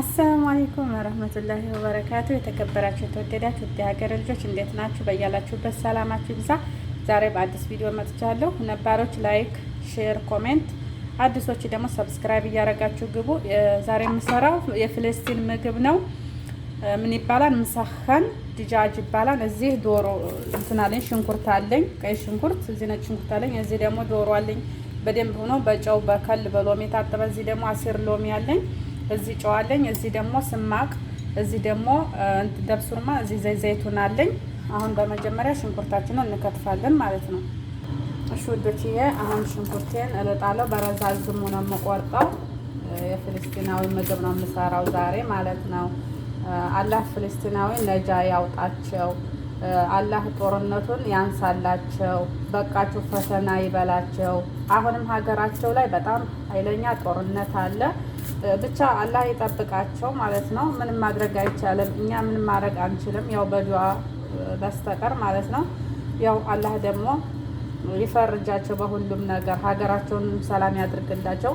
አሰላሙ አሌይኩም ወረህመቱላሂ ወበረካቱ። የተከበራችሁ የተወደዳችሁ ውድ ሀገር ልጆች እንዴት ናችሁ? በያላችሁበት ሰላማችሁ ይብዛ። ዛሬ በአዲስ ቪዲዮ መጥቻለሁ። ነባሮች ላይክ፣ ሼር፣ ኮሜንት፣ አዲሶች ደግሞ ሰብስክራይብ እያደረጋችሁ ግቡ። ዛሬ የምሰራው የፍልስጢን ምግብ ነው። ምን ይባላል? ምሳኸን ድጃጅ ይባላል። እዚህ ዶሮ እንትን አለኝ፣ ሽንኩርት አለኝ፣ ቀይ ሽንኩርት እዚህ፣ ነጭ ሽንኩርት አለኝ። እዚህ ደግሞ ዶሮ አለኝ፣ በደንብ ሆኖ በጨው በከል በሎሚ ታጠበ። እዚህ ደግሞ አሲር ሎሚ አለኝ። እዚህ ጨዋለኝ እዚህ ደግሞ ስማቅ፣ እዚህ ደግሞ ደብሱርማ፣ እዚህ ዘይ ዘይቱን አለኝ። አሁን በመጀመሪያ ሽንኩርታችንን እንከትፋለን ማለት ነው። እሺ ውዶችዬ፣ አሁን ሽንኩርቴን እልጣለሁ። በረዛዝሙ ነው የምቆርጠው። የፍልስጢናዊ ምግብ ነው የምሰራው ዛሬ ማለት ነው። አላህ ፍልስጢናዊ ነጃ ያውጣቸው። አላህ ጦርነቱን ያንሳላቸው። በቃችሁ ፈተና ይበላቸው። አሁንም ሀገራቸው ላይ በጣም ኃይለኛ ጦርነት አለ። ብቻ አላህ ይጠብቃቸው ማለት ነው። ምንም ማድረግ አይቻልም። እኛ ምንም ማድረግ አንችልም፣ ያው በዱዓ በስተቀር ማለት ነው። ያው አላህ ደግሞ ይፈርጃቸው በሁሉም ነገር። ሀገራቸውን ሰላም ያድርግላቸው።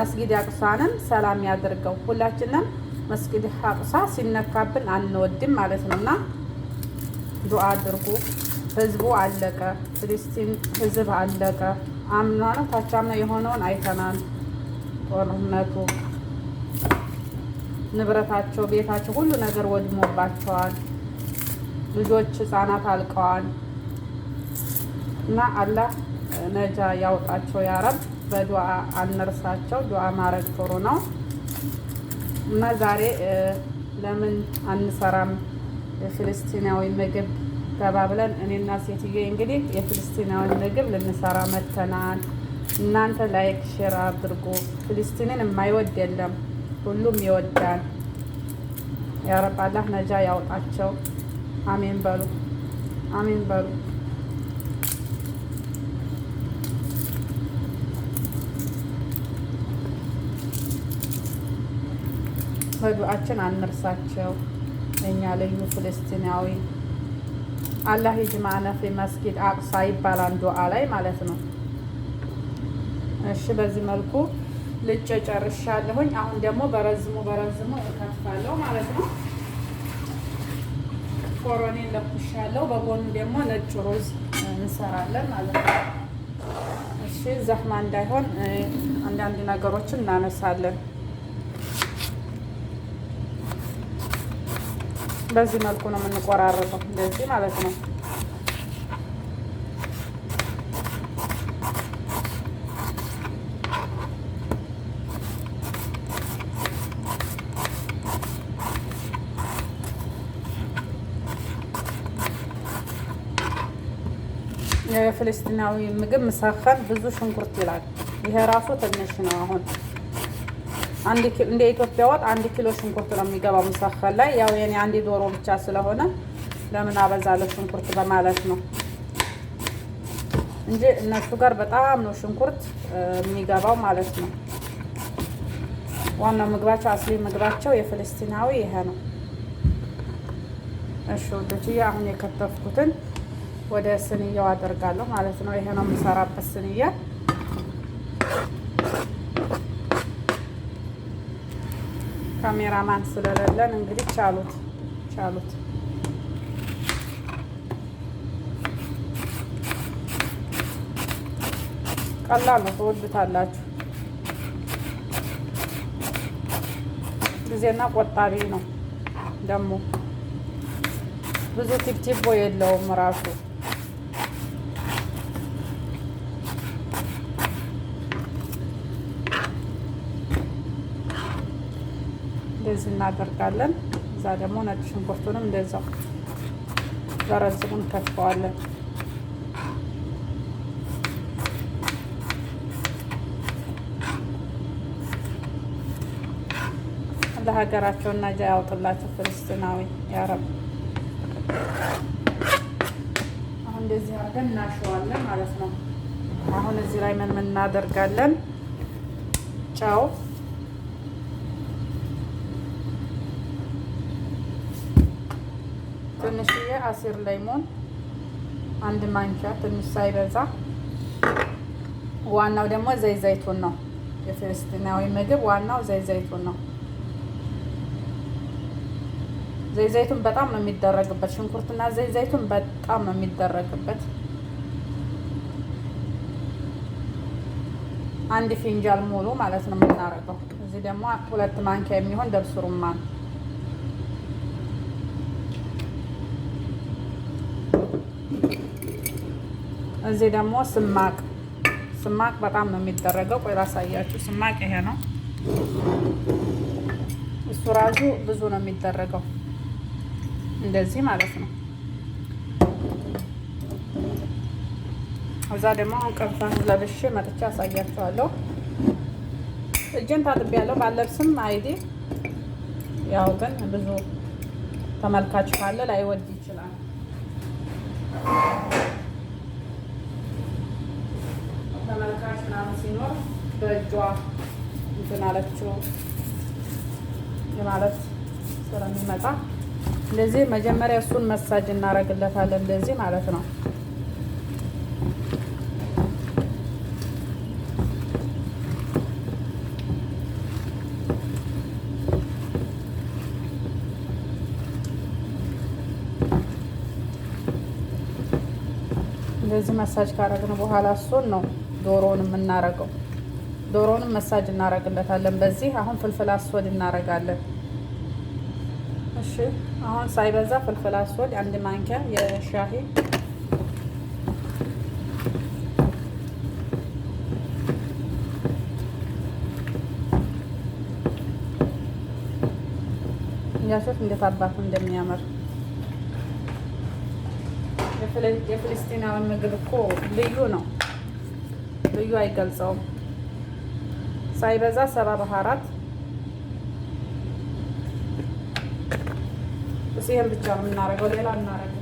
መስጊድ አቅሷንም ሰላም ያድርገው። ሁላችንም መስጊድ አቅሷ ሲነካብን አንወድም ማለት ነው እና ዱዓ አድርጉ። ህዝቡ አለቀ፣ ፍልስጢን ህዝብ አለቀ። አምና ነው ታቻምና የሆነውን አይተናል ጦርነቱ ንብረታቸው፣ ቤታቸው ሁሉ ነገር ወድሞባቸዋል። ልጆች ህጻናት አልቀዋል። እና አላህ ነጃ ያውጣቸው ያረብ። በዱዓ አልነርሳቸው። ዱዓ ማረግ ጥሩ ነው እና ዛሬ ለምን አንሰራም የፍልስቲናዊ ምግብ ተባብለን እኔና ሴትዬ እንግዲህ የፍልስቲናዊ ምግብ ልንሰራ መተናል። እናንተ ላይክ ሼር አድርጉ። ፍልስቲንን የማይወድ የለም። ሁሉም ይወዳል። ያረብ አላህ ነጃ ያውጣቸው። አሜን በሉ፣ አሜን በሉ። በዱአችን አንርሳቸው። እኛ ልዩ ፍልስጢናዊ አላህ ይጅማዕነ ፊ መስጊድ አቅሳ ይባላል ዱዓ ላይ ማለት ነው። እሺ በዚህ መልኩ ልጬ ጨርሻለሁኝ። አሁን ደግሞ በረዝሙ በረዝሙ እከፋለሁ ማለት ነው። ኮሮኔ ለኩሻለሁ። በጎኑ ደግሞ ነጭ ሩዝ እንሰራለን ማለት ነው። እሺ ዘህማ እንዳይሆን አንዳንድ ነገሮችን እናነሳለን። በዚህ መልኩ ነው የምንቆራረጠው፣ እንደዚህ ማለት ነው። ለፍልስጥናዊ ምግብ መሳኸን ብዙ ሽንኩርት ይላል። ይሄ ራሱ ትንሽ ነው። አሁን እንደ ኢትዮጵያ ወጥ አንድ ኪሎ ሽንኩርት ነው የሚገባው መሳኸን ላይ። ያው የኔ አንድ ዶሮ ብቻ ስለሆነ ለምን አበዛለሁ ሽንኩርት በማለት ነው እንጂ እነሱ ጋር በጣም ነው ሽንኩርት የሚገባው ማለት ነው። ዋናው ምግባቸው አስሊ ምግባቸው የፍልስጥናዊ ይሄ ነው። እሺ ወደዚህ አሁን የከተፍኩትን ወደ ስንያው አደርጋለሁ ማለት ነው። ይሄ ነው የምሰራበት ስንያ። ካሜራማን ስለሌለን እንግዲህ ቻሉት ቻሉት። ቀላል ነው፣ ትወዱታላችሁ። ጊዜና ቆጣቢ ነው ደግሞ ብዙ ቲፕቲቦ የለውም ራሱ እንደዚህ እናደርጋለን። እዛ ደግሞ ነጭ ሽንኩርቱንም እንደዛው በረዝሙን ከትፈዋለን። እና ጃ ያውጥላቸው ፍልስጥናዊ ያረብ። አሁን እንደዚህ አድርገን እናሸዋለን ማለት ነው። አሁን እዚህ ላይ ምን ምን እናደርጋለን? ጨው ትንሽዬ አሲር ላይሞን አንድ ማንኪያ ትንሽ ሳይበዛ። ዋናው ደግሞ ዘይት ዘይቱን ነው። የፍልስጤማዊ ምግብ ዋናው ዘይት ዘይቱን ነው። ዘይት ዘይቱን በጣም ነው የሚደረግበት። ሽንኩርትና ዘይት ዘይቱን በጣም ነው የሚደረግበት። አንድ ፊንጃል ሙሉ ማለት ነው የምናደርገው እዚህ ደግሞ ሁለት ማንኪያ የሚሆን ደብሱ ሩማን እዚህ ደግሞ ስማቅ ስማቅ በጣም ነው የሚደረገው። ቆይ ላሳያችሁ። ስማቅ ይሄ ነው። እሱ ራሱ ብዙ ነው የሚደረገው እንደዚህ ማለት ነው። እዛ ደግሞ አሁን ቀንፋን ለብሼ መጥቼ አሳያችኋለሁ። እጄን ታጥቤያለሁ። ባለብስም አይዲ ያው ግን ብዙ ተመልካች ካለ ላይወድ ይችላል። ተመልካች ምናምን ሲኖር በእጇ እንትን አለችው ማለት ስለሚመጣ እንደዚህ መጀመሪያ እሱን መሳጅ እናደርግለታለን። እንደዚህ ማለት ነው። እንደዚህ መሳጅ ካደረግን በኋላ እሱን ነው ዶሮን የምናረገው። ዶሮንም መሳጅ እናረግለታለን በዚህ። አሁን ፍልፍል አስወድ እናረጋለን። እሺ አሁን ሳይበዛ ፍልፍል አስወድ አንድ ማንኪያ የሻሂ ያሶት እንዴት አባቱ እንደሚያምር የፍልስጤናውያን ምግብ እኮ ልዩ ነው። ልዩ አይገልጸውም። ሳይበዛ ሰባ ባህራት ይህን ብቻ ነው የምናደርገው፣ ሌላ እናደርገው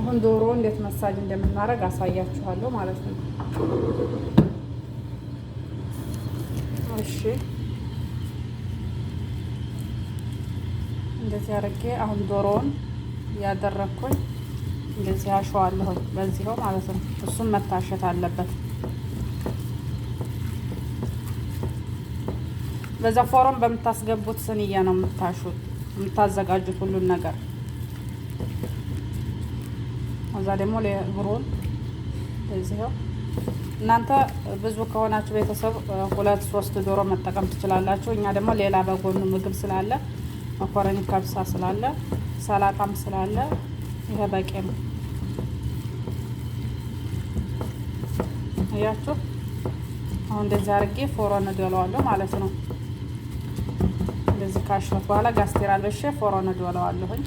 አሁን ዶሮ እንዴት መሳጅ እንደምናደርግ አሳያችኋለሁ ማለት ነው። እሺ እንደዚህ አድርጌ አሁን ዶሮውን ያደረኩኝ እንደዚህ አሸዋለሁኝ በዚህው ማለት ነው። እሱም መታሸት አለበት። በዛ ፎሮም በምታስገቡት ስንዬ ነው የምታሹት የምታዘጋጁት ሁሉን ነገር። እዛ ደግሞ ብሩን እዚው እናንተ ብዙ ከሆናችሁ ቤተሰብ ሁለት ሶስት ዶሮ መጠቀም ትችላላችሁ። እኛ ደግሞ ሌላ በጎኑ ምግብ ስላለ መኮረኒ ከብሳ ስላለ ሰላጣም ስላለ ይሄ በቂ ነው። እያችሁ አሁን እንደዚህ አድርጌ ፎሮን እደለዋለሁ ማለት ነው። እንደዚህ ካሸት በኋላ ጋስቴር አልበሼ ፎሮን እደለዋለሁኝ።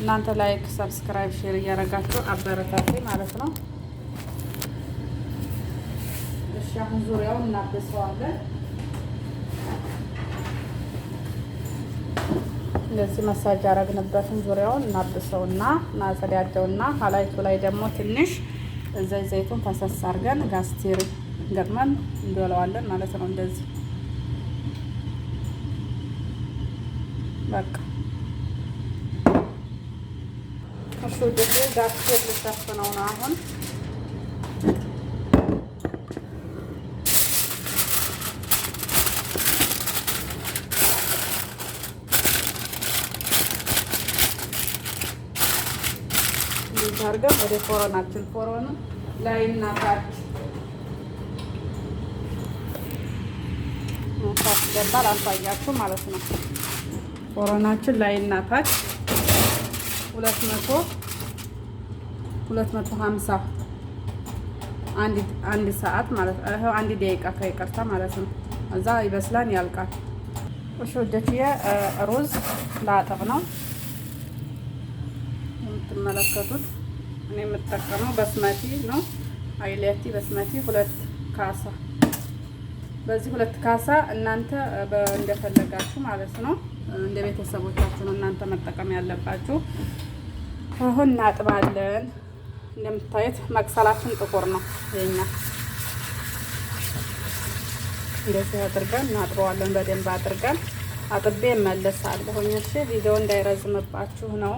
እናንተ ላይክ፣ ሰብስክራይብ፣ ሼር እያደረጋችሁ አበረታቴ ማለት ነው። እሺ አሁን ዙሪያውን እናበሰዋለን። እንደዚህ መሳጅ ያደረግንበትን ዙሪያውን እናብሰውና እናጸዳደውና ሀላይቱ ላይ ደግሞ ትንሽ ዘይት ዘይቱን ፈሰስ አድርገን ጋስቲር ገጥመን እንዶለዋለን ማለት ነው። እንደዚህ በቃ እሱ ጊዜ ጋስቲር ልሸፍነው ነው አሁን እንደዚህ አድርገን ወደ ፎሮናችን ፎሮኑ ላይ እናታች መሳት ይገባል። አልታያችሁ ማለት ነው። ፎሮናችን ላይ እናታች ሁለት መቶ ሁለት መቶ ሀምሳ አንድ ሰዓት ማለት ይኸው አንድ ደቂቃ ማለት ነው። እዛ ያልቃል። እሺ ሩዝ ላጥብ ነው። እንደምትመለከቱት እኔ የምጠቀመው በስመቲ ነው። አይለቲ በስመቲ ሁለት ካሳ በዚህ ሁለት ካሳ እናንተ እንደፈለጋችሁ ማለት ነው፣ እንደ ቤተሰቦቻችሁ ነው እናንተ መጠቀም ያለባችሁ። አሁን እናጥባለን። እንደምታዩት መቅሰላችን ጥቁር ነው የኛ። እንደዚህ አድርገን እናጥበዋለን። በደንብ አድርገን አጥቤ እመለሳለሁ። እሺ ቪዲዮ እንዳይረዝምባችሁ ነው።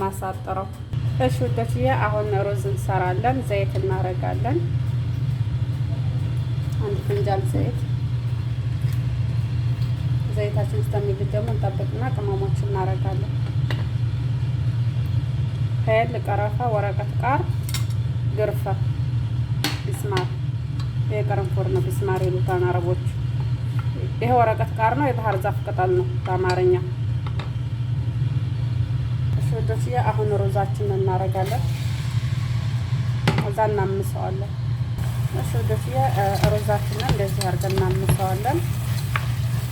ማሳጥረው። እሺ ውዶችዬ አሁን ሩዝ እንሰራለን። ዘይት እናደርጋለን። አንድ ፍንጃል ዘይት ዘይታችን እስከሚግል ደግሞ እንጠብቅና ቅመሞች እናደርጋለን። ሄል፣ ቀረፋ፣ ወረቀት ቃር፣ ግርፈ፣ ቢስማር የቅርንፉድ ነው። ቢስማር ይሉታል አረቦች። ይሄ ወረቀት ቃር ነው። የባህር ዛፍ ቅጠል ነው በአማርኛ ውዶች፣ አሁን ሮዛችን እናደርጋለን። እዛ እናምሰዋለን። እሺ ውዶች፣ ሮዛችንን እንደዚህ አድርገን እናምሰዋለን።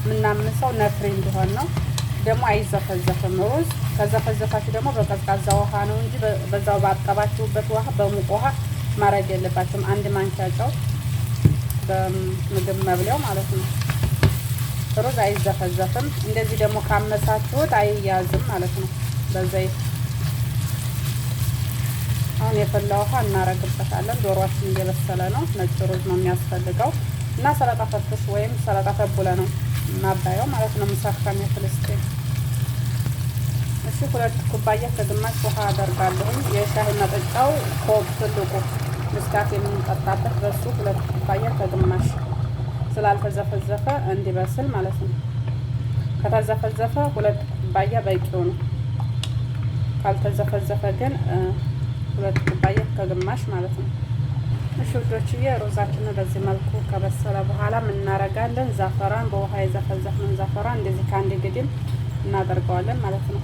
የምናምሰው ነፍሬ እንዲሆን ነው። ደግሞ አይዘፈዘፍም ሩዝ። ከዘፈዘፋችሁ ደግሞ በቀዝቃዛ ውሃ ነው እንጂ በዛው ባጠባችሁበት ውሃ፣ በሙቅ ውሃ ማድረግ የለባችሁም። አንድ ማንኪያ ጨው በምግብ መብለው ማለት ነው። ሩዝ አይዘፈዘፍም። እንደዚህ ደግሞ ካመሳችሁት አይያዝም ማለት ነው። በዘይት አሁን የፈላ ውሃ እናረግበታለን። ዶሮችን እየበሰለ ነው። ነጭ ሩዝ ነው የሚያስፈልገው እና ሰላጣ ፈትሽ ወይም ሰላጣ ተቡለ ነው እናባየው ማለት ነው። ምሳካም የፍልስጤን እሺ፣ ሁለት ኩባያ ከግማሽ ውሃ አደርጋለሁ። የሻይ መጠጫው ኮብ ትልቁ ምስጋት የምንጠጣበት በሱ ሁለት ኩባያ ከግማሽ ስላልተዘፈዘፈ እንዲበስል ማለት ነው። ከተዘፈዘፈ ሁለት ኩባያ በቂው ነው። ካልተዘፈዘፈ ግን ሁለት ኩባያ ከግማሽ ማለት ነው። እሺ ውዶችዬ ሮዛችንን በዚህ መልኩ ከበሰለ በኋላ እናረጋለን። ዛፈራን በውሃ የዘፈዘፍነውን ዛፈራን እንደዚህ ከአንድ ግድም እናደርገዋለን ማለት ነው።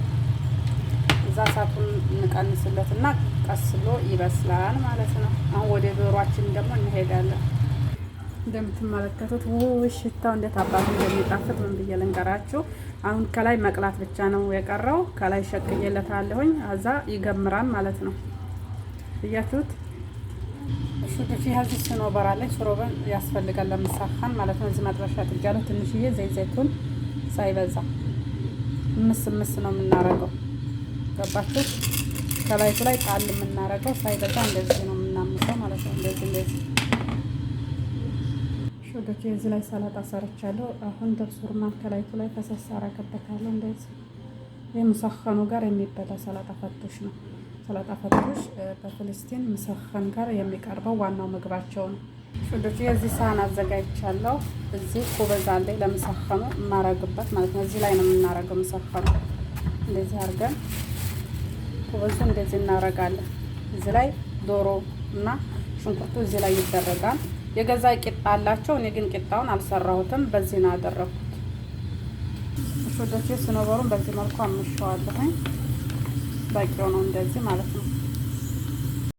እዛ እሳቱን እንቀንስለትና ቀስሎ ይበስላል ማለት ነው። አሁን ወደ ዶሯችን ደግሞ እንሄዳለን። እንደምትመለከቱት ውይ ሽታው እንዴት አባቱ እንደሚጣፍጥ ምን ብዬ ልንገራችሁ። አሁን ከላይ መቅላት ብቻ ነው የቀረው። ከላይ ሸቅዬለታለሁኝ አዛ ይገምራል ማለት ነው። እያችሁት ሹዱፊ ሀዚ ስኖ በራለች ሽሮበን ያስፈልጋል ለምሳኻን ማለት ነው። እዚህ መጥበሻ ጥጃለሁ። ትንሽዬ ዘይት ዘይቱን ሳይበዛ ምስ ምስ ነው የምናረገው። ገባችሁ? ከላይቱ ላይ ጣል የምናረገው ሳይበዛ እንደዚህ ነው የምናምሰው ማለት ነው። እንደዚህ እንደዚህ ውዶች እዚህ ላይ ሰላጣ ሰርቻለሁ። አሁን ደብሱር ማከላይቱ ላይ ተሰሳራ ከተካለ እንደዚህ የምሰኸኑ ጋር የሚበላ ሰላጣ ፈቶሽ ነው። ሰላጣ ፈቶሽ በፍልስቲን ምሰኸን ጋር የሚቀርበው ዋናው ምግባቸው ነው። ውዶች የዚህ ሳህን አዘጋጅቻለሁ። እዚህ ኩበዝ አለኝ ለምሰኸኑ የማረግበት ማለት ነው። እዚህ ላይ ነው የምናረገው። ምሰኸኑ። እንደዚህ አድርገን ኩበዙ እንደዚህ እናረጋለን። እዚህ ላይ ዶሮ እና ሽንኩርቱ እዚህ ላይ ይደረጋል። የገዛ ቂጣ አላቸው። እኔ ግን ቂጣውን አልሰራሁትም፣ በዚህ ነው ያደረኩት። ሾዶቼ ስኖበሩን በዚህ መልኩ አምሸዋለሁኝ። በቂው ነው እንደዚህ ማለት ነው።